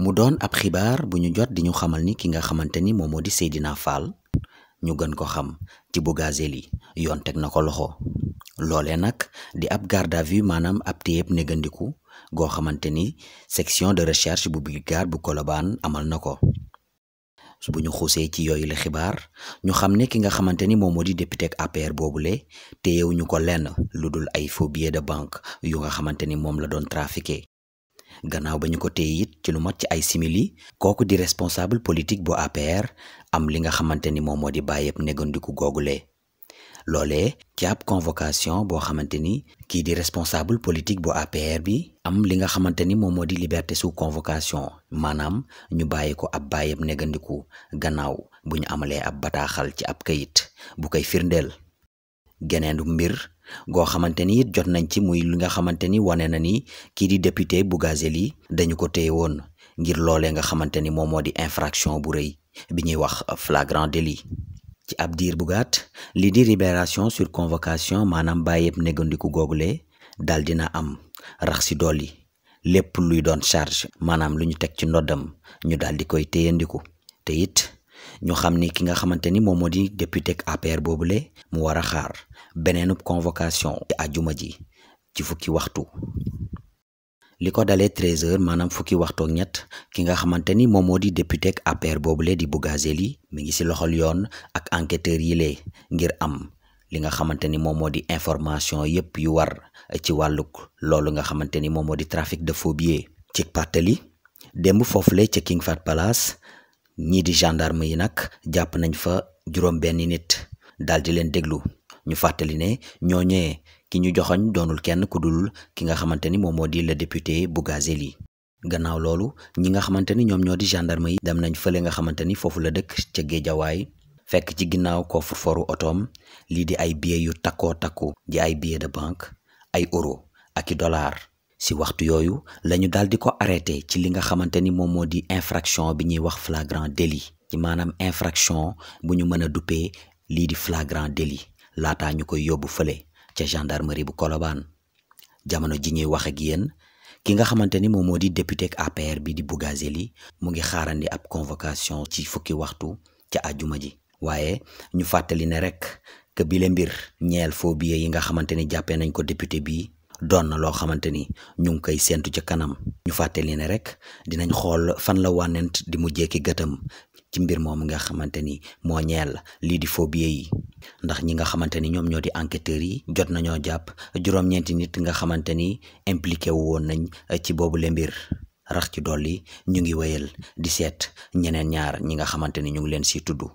mu doon ab xibaar bu ñu jot di ñu xamal ni ki nga xamante ni moom moo di Seydina Fall ñu gën ko xam ci Bougazelli yoon teg na ko loxo loole nag di ab garde à vue maanaam ab téyeb négandiku goo xamante ni section de recherche bu brigade bu Colobane amal na ko. su bu ñu xuusee ci yooyu la xibaar ñu xam ne ki nga xamante ni moom moo di député ak APR boobule téyewuñu ko lenn lu dul ay faux de banque yu nga xamante ni moom la doon trafiqué. gannaaw ba ñu ko téye it ci lu mat ci ay simili kooku di responsable politique bu APR am li nga xamante ni moom moo di bàyyeeb négandiku googule loole ci ab convocation boo xamante ni kii di responsable politique bu APR bi am li nga xamante ni moom moo di liberté su convocation maanaam ñu bàyyi ko ab bàyyeeb négandiku gannaaw bu ñu amalee ab bataaxal ci ab kayit bu koy firndeel geneenu mbir goo xamante ni it jot nañ ci muy li nga xamante ni wane na ni kii di député Bougazeli dañu ko téye woon ngir loole nga xamante ni moom moo di infraction bu rëy bi ñuy wax flagrant délit ci ab diir bu gàtt lii di ribération sur convocation maanaam bàyyeeb négandiku googule dal na am rax si dolli lépp luy doon charge maanaam lu ñu teg ci ndoddam ñu daal di koy téyandiku te ñu xam ni ki nga xamante ni moom moo di député ak APR boobule mu war a xaar beneenub convocation ajuma ji ci fukki waxtu. li ko dalee 13h maanaam fukki waxtu ñett ki nga xamante ni moom moo di député ak APR boobule di Bougazelli mi ngi si loxol yoon ak enquêteurs yi lee ngir am li nga xamante ni moom moo di information yépp yu war ci wàllug loolu nga xamante ni moom moo di trafic de faux ci pàttali démb foofule ca King Fahd Palace. ñii di gendarme yi nag jàpp nañ fa juróom-benn nit daal di leen déglu ñu fàttali ne ñooñee ki ñu joxoñ doonul kenn ku dul ki nga xamante ni moom moo di le député Bougazeli gannaaw loolu ñi nga xamante ni ñoom ñoo di gendarme yi dem nañ fële nga xamante ni foofu la dëkk ca Géejawaay fekk ci ginnaaw ko fortu otoom lii di ay billets yu takkoo takku di ay billets de banque ay euro ak i dollar si waxtu yooyu lañu daal di ko arrêté ci li nga xamante ni moom moo di infraction bi ñuy wax flagrand délit ci maanaam infraction bu ñu mën a duppee lii di flagrand délit laataa ñu koy yóbbu fële ca gendarmerie bu Colobane jamono ji ñuy wax ak yéen ki nga xamante ni moom moo di député ak APR bi di Bougazeli mu ngi xaarandi ab convocation ci fukki waxtu ca àjjuma ji waaye ñu fàttali ne rek que mbir ñeel foo billets yi nga xamante ni jàppee nañ ko député bii doon na loo xamante ni ñu ngi koy séentu ci kanam ñu fàttali ne rek dinañ xool fan la wànnent di mujjee ki gëtam ci mbir moom nga xamante ni moo ñeel lii di phobie yi ndax ñi nga xamante ni ñoom ñoo di enquêteurs yi jot nañoo jàpp juróom-ñeenti nit nga xamante ni impliqué wu woon nañ ci boobu la mbir rax ci dolli ñu ngi wéyal di seet ñeneen ñaar ñi nga xamante ni ñu ngi leen si tudd